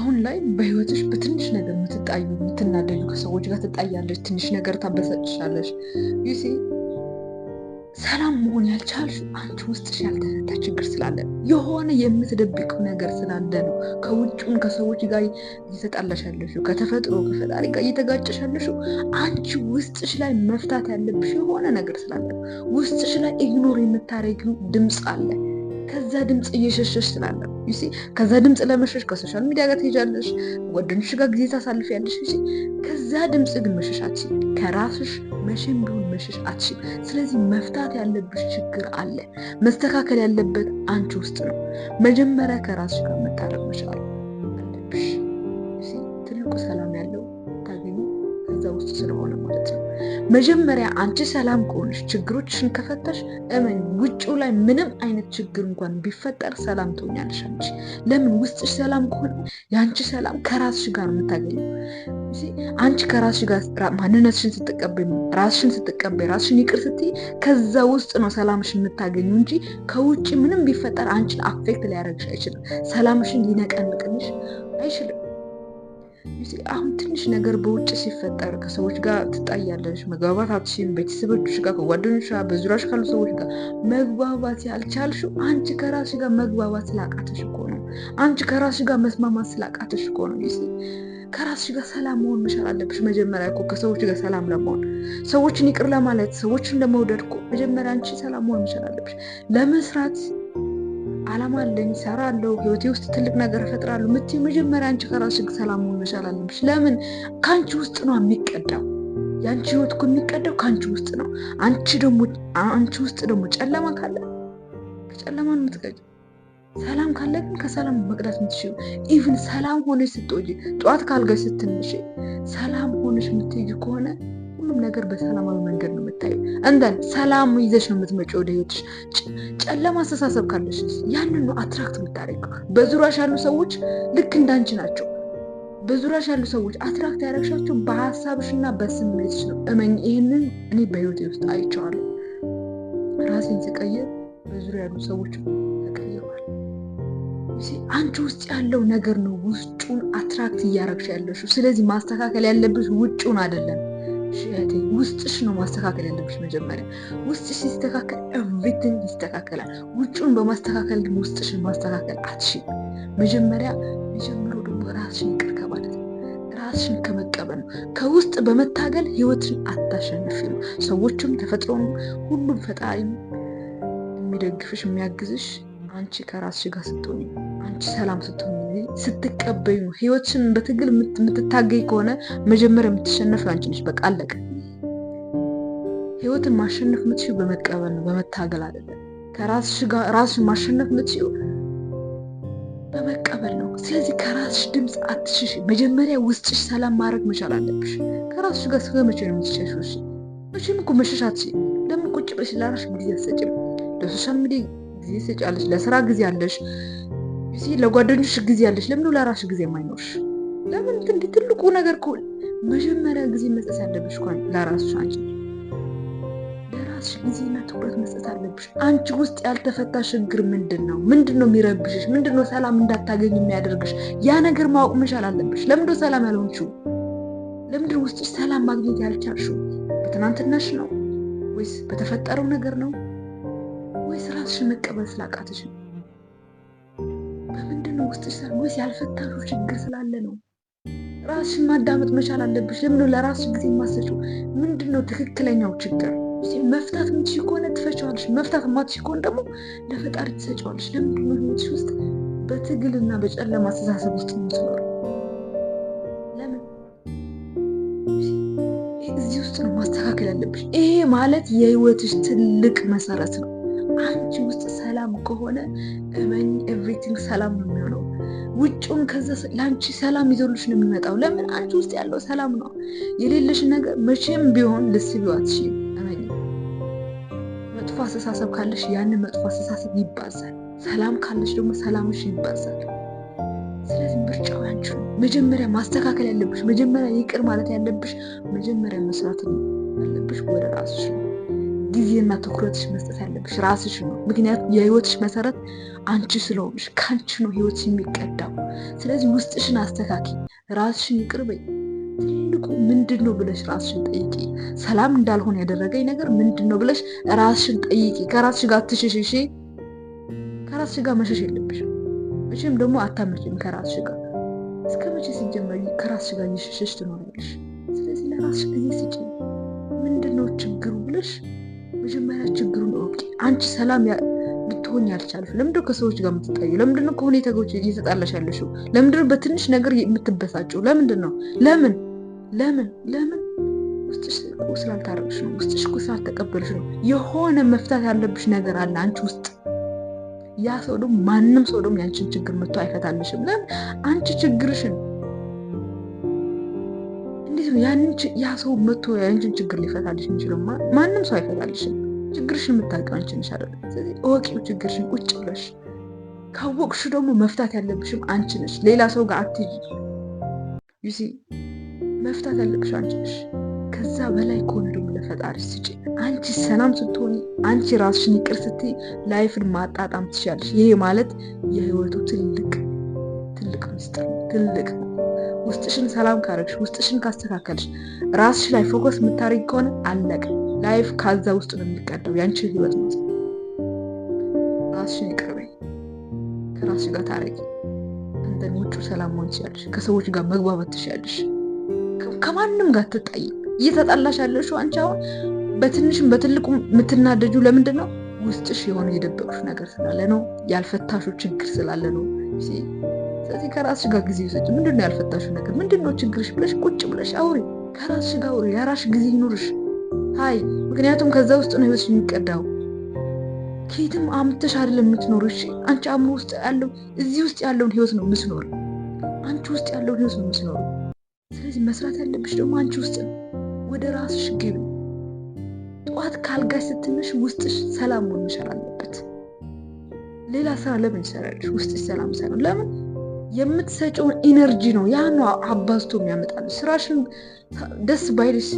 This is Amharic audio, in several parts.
አሁን ላይ በህይወትሽ በትንሽ ነገር የምትጣዩ የምትናደዩ ከሰዎች ጋር ትጣያለች ትንሽ ነገር ታበሳጭሻለች ዩሲ ሰላም መሆን ያልቻልሽ አንቺ ውስጥሽ ያልተፈታ ችግር ስላለ የሆነ የምትደብቅ ነገር ስላለ ነው። ከውጭም ከሰዎች ጋር እየተጣላሻለሽ፣ ከተፈጥሮ ከፈጣሪ ጋር እየተጋጨሻለሽ። አንቺ ውስጥሽ ላይ መፍታት ያለብሽ የሆነ ነገር ስላለ ውስጥሽ ላይ ኢግኖር የምታደርጊው ድምፅ አለ። ከዛ ድምፅ እየሸሸሽ ስላለ ዩሲ ከዛ ድምፅ ለመሸሽ ከሶሻል ሚዲያ ጋር ትሄጃለሽ፣ ጓደኞች ጋር ጊዜ ታሳልፍ ያለሽ ዩሲ ከዛ ድምፅ ግን መሸሽ አትችይም። ከራስሽ መቼም ቢሆን መሸሽ አትችይም። ስለዚህ መፍታት ያለብሽ ችግር አለ። መስተካከል ያለበት አንቺ ውስጥ ነው። መጀመሪያ ከራስሽ ጋር መታረቅ መቻል አለብሽ። ትልቁ ሰላም ያለው ታገኙ ከዛ ውስጥ ስለሆነ ማለት ነው። መጀመሪያ አንቺ ሰላም ከሆንሽ ችግሮችሽን ከፈተሽ እመኝ፣ ውጭው ላይ ምንም አይነት ችግር እንኳን ቢፈጠር ሰላም ትሆኛለሽ አንቺ። ለምን ውስጥሽ ሰላም ከሆነ የአንቺ ሰላም ከራስሽ ጋር ነው የምታገኘው። አንቺ ከራስሽ ጋር ማንነትሽን ስትቀበይ፣ ራስሽን ስትቀበይ፣ ራስሽን ይቅር ስትይ፣ ከዛ ውስጥ ነው ሰላምሽ የምታገኘው እንጂ ከውጭ ምንም ቢፈጠር አንቺን አፌክት ሊያደረግሽ አይችልም። ሰላምሽን ሊነቀንቅንሽ አይችልም። አሁን ትንሽ ነገር በውጭ ሲፈጠር ከሰዎች ጋር ትጣያለሽ፣ መግባባት አትችም። ቤተሰቦች ጋር፣ ከጓደኞች ጋር፣ በዙሪያሽ ካሉ ሰዎች ጋር መግባባት ያልቻልሽው አንቺ ከራስሽ ጋር መግባባት ስላቃተሽ እኮ ነው። አንቺ ከራስሽ ጋር መስማማት ስላቃተሽ እኮ ነው። ከራስሽ ጋር ሰላም መሆን መቻል አለብሽ። መጀመሪያ እኮ ከሰዎች ጋር ሰላም ለመሆን ሰዎችን ይቅር ለማለት ሰዎችን ለመውደድ እኮ መጀመሪያ አንቺ ሰላም መሆን መቻል አለብሽ ለመስራት አላማ አለኝ፣ እሰራለሁ፣ ህይወቴ ውስጥ ትልቅ ነገር እፈጥራለሁ የምትይው መጀመሪያ አንቺ ከራስሽ ሰላም መሆን መቻል አለብሽ። ለምን ከአንቺ ውስጥ ነው የሚቀዳው። የአንቺ ህይወት እኮ የሚቀዳው ከአንቺ ውስጥ ነው። አንቺ ደግሞ አንቺ ውስጥ ደግሞ ጨለማ ካለ ነው የምትቀጭ ሰላም ካለ ግን ከሰላም መቅዳት የምትችይው ኢቭን ሰላም ሆነሽ ስትወጂ ጠዋት ካልጋሽ ስትንሽ ሰላም ሆነሽ የምትሄጂ ከሆነ ሁሉም ነገር በሰላማዊ መንገድ ነው የምታዩ። እንደን ሰላም ይዘሽ ነው የምትመጪው ወደ ህይወትሽ። ጨለማ አስተሳሰብ ካለሽ ያንን ነው አትራክት የምታደረግ። በዙሪያሽ ያሉ ሰዎች ልክ እንዳንቺ ናቸው። በዙሪያሽ ያሉ ሰዎች አትራክት ያደረግሻቸው በሀሳብሽ እና በስሜትሽ ነው። እመኝ፣ ይህንን እኔ በህይወቴ ውስጥ አይቼዋለሁ። ራሴን ስቀይር በዙሪያ ያሉ ሰዎች አንቺ ውስጥ ያለው ነገር ነው ውስጡን አትራክት እያረግሽ ያለሽው። ስለዚህ ማስተካከል ያለብሽ ውጭውን አይደለም። ውስጥሽ ነው ማስተካከል ያለብሽ። መጀመሪያ ውስጥሽ ሲስተካከል ኤቭሪቲንግ ይስተካከላል። ውጭውን በማስተካከል ግን ውስጥሽን ማስተካከል አትሽ። መጀመሪያ የጀምረው ደግሞ ራስሽን ይቅር ከማለት ነው፣ ራስሽን ከመቀበል ነው። ከውስጥ በመታገል ህይወትን አታሸንፊ ነው። ሰዎችም ተፈጥሮም፣ ሁሉም ፈጣሪ የሚደግፍሽ የሚያግዝሽ አንቺ ከራስሽ ጋር ስትሆኝ፣ አንቺ ሰላም ስትሆኝ ስትቀበዩ ህይወትሽን በትግል የምትታገይ ከሆነ መጀመሪያ የምትሸነፍ አንቺ ነሽ። በቃ አለቀ። ህይወትን ማሸነፍ የምትችይው በመቀበል ነው፣ በመታገል አይደለም። ከራስሽ ጋር ራስሽን ማሸነፍ የምትችይው በመቀበል ነው። ስለዚህ ከራስሽ ድምፅ አትሽሽ። መጀመሪያ ውስጥሽ ሰላም ማድረግ መቻል አለብሽ። ከራስሽ ጋር ስለ መቼ ነው የምትሸሽ? መቼም እኮ መሸሻት አትችይም። ለምን ቁጭ ብለሽ ለራስሽ ጊዜ አትሰጭም? ለሶሻል ሚዲያ ጊዜ ትሰጫለሽ፣ ለስራ ጊዜ አለሽ። ለጓደኞች ጊዜ ያለሽ ለምን ለራሽ ጊዜ የማይኖርሽ? ለምን ትንዲ ትልቁ ነገር ከሆነ መጀመሪያ ጊዜ መስጠት ያለብሽ ኳ ለራስሽ አንቺ ለራስሽ ጊዜና ትኩረት መስጠት አለብሽ። አንቺ ውስጥ ያልተፈታ ችግር ምንድን ነው? ምንድን ነው የሚረብሽሽ? ምንድን ነው ሰላም እንዳታገኝ የሚያደርግሽ? ያ ነገር ማወቅ መቻል አለብሽ። ለምንድ ሰላም ያልሆንችው ለምንድን ውስጥ ሰላም ማግኘት ያልቻልሽው? በትናንትናሽ ነው ወይስ በተፈጠረው ነገር ነው ወይስ ራስሽን መቀበል ስላቃተሽ ነው? ለምንድን ነው ውስጥ ሰርጎስ ያልፈታሽው ችግር ስላለ ነው። ራስሽን ማዳመጥ መቻል አለብሽ። ለምን ለራስሽ ጊዜ ማሰጩ? ምንድን ነው ትክክለኛው ችግር? መፍታት ምንች ከሆነ ትፈጫዋለሽ። መፍታት ማትች ከሆነ ደግሞ ለፈጣሪ ትሰጫዋለሽ። ለምንድን ነው ህይወትሽ ውስጥ በትግልና በጨለማ አስተሳሰብ ውስጥ የምትኖር? ለምን እዚህ ውስጥ ነው ማስተካከል ያለብሽ። ይሄ ማለት የህይወትሽ ትልቅ መሰረት ነው። አንቺ ውስጥ ሰላም ከሆነ እመኝ ኤቭሪቲንግ ሰላም ነው የሚሆነው። ውጭውን ከዛ ለአንቺ ሰላም ይዞልሽ ነው የሚመጣው። ለምን አንቺ ውስጥ ያለው ሰላም ነው። የሌለሽ ነገር መቼም ቢሆን ልስቢው አትችይም። እመኝ መጥፎ አስተሳሰብ ካለሽ ያንን መጥፎ አስተሳሰብ ይባዛል። ሰላም ካለሽ ደግሞ ሰላምሽ ይባዛል። ስለዚህ ምርጫው ያንቺ ነው። መጀመሪያ ማስተካከል ያለብሽ መጀመሪያ ይቅር ማለት ያለብሽ መጀመሪያ መስራት ያለብሽ ወደ ራስሽ ነው። ጊዜና ትኩረትሽ መስጠት ያለብሽ ራስሽ ነው። ምክንያቱም የህይወትሽ መሰረት አንቺ ስለሆንሽ ከአንቺ ነው ህይወት የሚቀዳው። ስለዚህ ውስጥሽን አስተካኪ፣ ራስሽን ይቅርበኝ። ትልቁ ምንድን ነው ብለሽ ራስሽን ጠይቂ። ሰላም እንዳልሆነ ያደረገኝ ነገር ምንድን ነው ብለሽ ራስሽን ጠይቂ። ከራስሽ ጋር ትሽሽሽ። ከራስሽ ጋር መሸሽ የለብሽ። መቼም ደግሞ አታመጭም ከራስሽ ጋር እስከ መቼ ሲጀመር ከራስሽ ጋር እየሸሸሽ ትኖሪያለሽ? ስለዚህ ለራስሽ ጊዜ ስጪ። ምንድን ነው ችግሩ ብለሽ መጀመሪያ ችግሩን እወቂ። አንቺ ሰላም ልትሆኝ ያልቻለሽ ለምንድነው? ከሰዎች ጋር የምትጣዩ ለምንድነው? ከሁኔታ ጋር እየተጣላሽ ያለሽው ለምንድነው? በትንሽ ነገር የምትበሳጭው ለምንድን ነው? ለምን ለምን ለምን? ውስጥሽ ስላልታረቅሽ ነው። ውስጥሽ ስላልተቀበልሽ ነው። የሆነ መፍታት ያለብሽ ነገር አለ አንቺ ውስጥ። ያ ሰው ደግሞ ማንም ሰው ደግሞ ያንቺን ችግር መጥቶ አይፈታልሽም። ለምን አንቺ ችግርሽን ያንን ያ ሰው መቶ ያንችን ችግር ሊፈታልሽ የሚችለው ማንም ሰው አይፈታልሽም። ችግርሽን የምታውቂው አንቺ ነሽ አይደል? ስለዚህ እወቂው ችግርሽን ቁጭ ብለሽ። ካወቅሽ ደግሞ መፍታት ያለብሽም አንቺ ነሽ፣ ሌላ ሰው ጋር አትሄጂ። ዩሲ መፍታት ያለብሽ አንቺ ነሽ። ከዛ በላይ ከሆነ ደግሞ ለፈጣሪ ስጪ። አንቺ ሰላም ስትሆኒ፣ አንቺ ራስሽን ይቅር ስትይ፣ ላይፍን ማጣጣም ትችያለሽ። ይሄ ማለት የህይወቱ ትልቅ ትልቅ ምስጢር ትልቅ ነው። ውስጥሽን ሰላም ካረግሽ፣ ውስጥሽን ካስተካከልሽ፣ ራስሽ ላይ ፎከስ የምታደርጊ ከሆነ አለቀ ላይፍ ከዛ ውስጥ ነው የሚቀደው። ያንቺ ህይወት ነው። ራስሽን ይቅርበ፣ ከራስሽ ጋር ታረቂ። አንተን ውጭ ሰላም መሆን ትችያለሽ። ከሰዎች ጋር መግባባት ትችያለሽ። ከማንም ጋር ትጣይ እየተጣላሽ ያለሽ አንቺ አሁን በትንሽም በትልቁ የምትናደጁ ለምንድን ነው? ውስጥሽ የሆነ የደበቅሽ ነገር ስላለ ነው። ያልፈታሹ ችግር ስላለ ነው። ስለዚህ ከራስሽ ጋር ጊዜ ውሰጂ። ምንድን ነው ያልፈታሽው ነገር? ምንድን ነው ችግርሽ? ብለሽ ቁጭ ብለሽ አውሪ፣ ከራስሽ ጋር አውሪ። የራስሽ ጊዜ ይኑርሽ። አይ ምክንያቱም ከዛ ውስጥ ነው ህይወትሽ የሚቀዳው። ከየትም አምተሽ አይደለም የምትኖር። እሺ አንቺ አእምሮ ውስጥ ያለው እዚህ ውስጥ ያለውን ህይወት ነው የምትኖር። አንቺ ውስጥ ያለውን ህይወት ነው የምትኖር። ስለዚህ መስራት ያለብሽ ደግሞ አንቺ ውስጥ ነው። ወደ ራስሽ ግቢ። ጠዋት ካልጋሽ ስትነሽ ውስጥሽ ሰላም መሆን መቻል አለበት። ሌላ ስራ ለምን ይሰራልሽ? ውስጥሽ ሰላም ሳይሆን ለምን የምትሰጪውን ኢነርጂ ነው ያ ነው አባዝቶ የሚያመጣሉ። ስራሽን ደስ ባይልሽ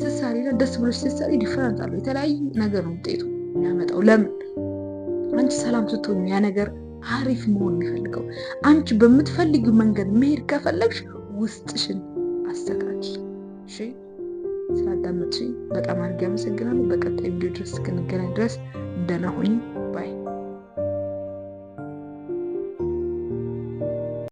ስትሰሪ እና ደስ ብሎሽ ስትሰሪ ዲፈረንት አለው። የተለያዩ ነገር ነው ውጤቱ የሚያመጣው። ለምን አንቺ ሰላም ስትሆኑ ያ ነገር አሪፍ መሆን የሚፈልገው አንቺ በምትፈልግ መንገድ መሄድ ከፈለግሽ ውስጥሽን አስተካኪ። እሺ፣ ስላዳመጥሽኝ በጣም አድርጌ አመሰግናለሁ። በቀጣይ ቪዲዮ ድረስ እስክንገናኝ ድረስ ደህና ሁኚ።